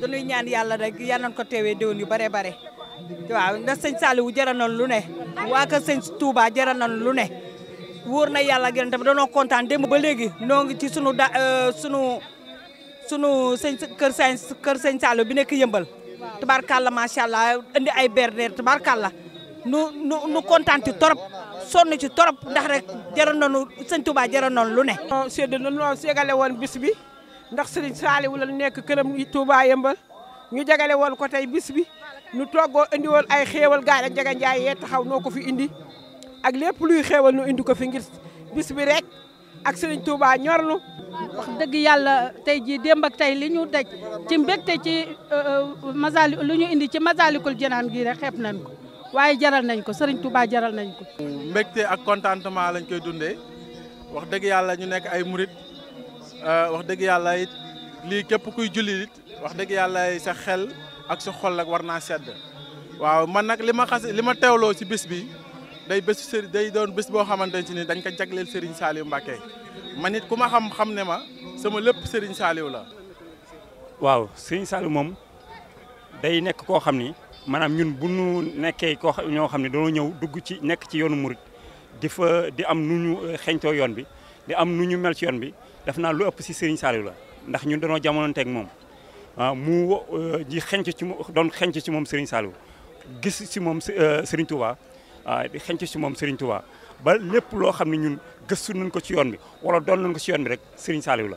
danuy ñaan yàlla rek yal nañu ko teewee déwén yu bare bare waaw ndax sëñ Saliou jaral nañu lu ne waa kër sëñ Touba na nañu lu ne wóor na yàlla ak yéen danoo kontaan démb ba léegi noo ngi ci sunu da euh, sunu sunu sëñ kër sëñ kër sëñ Saliou bi nekk yëmbal tubaarkàlla macha allah indi ay berneer tubaarkàlla nu nu kontaan ci torop sonn ci torop ndax rek jaral nu sëñ Touba jaral nañu lu ne. séddale woon bis bi. ndax Serigne Saliou la nekk këram Touba Yëmbal ñu jagale woon ko tey bis bi nu toggoo indi woon ay xéewal gaal ak jaga njaay yee taxaw noo ko fi indi ak lépp luy xéewal nu indi ko fi ngir bis bi rek ak Serigne Touba ñorlu wax dëgg yàlla tey jii démb tey li ñu daj ci mbégte ci euh, euh, masali lu ñu indi ci Masalikul Jinaan gi rek xeeb nañ ko waaye jaral nañ ko Serigne Touba jaral nañ ko. mbégte ak contentement lañ koy dundee wax dëgg yàlla ñu nekk ay murit Euh, wax dëgg yàlla it lii képp kuy jullit wax dëgg yàlla sa xel ak sa xol ak war naa sedd waaw man nag li ma xas li ma teewloo si bés bi day bés sëriñ day doon bés boo xamante ne ni dañ ko jagleel Serigne Saliou Mbacké man it ku ma xam xam ne ma sama lépp Serigne Saliou la. waaw Serigne Saliou moom day nekk koo xam ni maanaam ñun bu nu nekkee koo ñoo xam ne dañoo ñëw dugg ci nekk ci yoonu murit di fa di am nu ñu xeñtoo yoon bi. di am nu ñu mel ci yoon bi def naa lu ëpp si Serigne Saliou la ndax ñun dañoo jamonoonteeg moom ah, mu ji euh, xenc ci mu doon xenc ci moom Serigne Saliou gis si moom euh, Serigne Touba ah, di xenc si moom Serigne Touba ba lépp loo xam ne ñun gëstu nañ ko ci yoon bi wala doon nañ ko ci yoon bi rek Serigne Saliou la.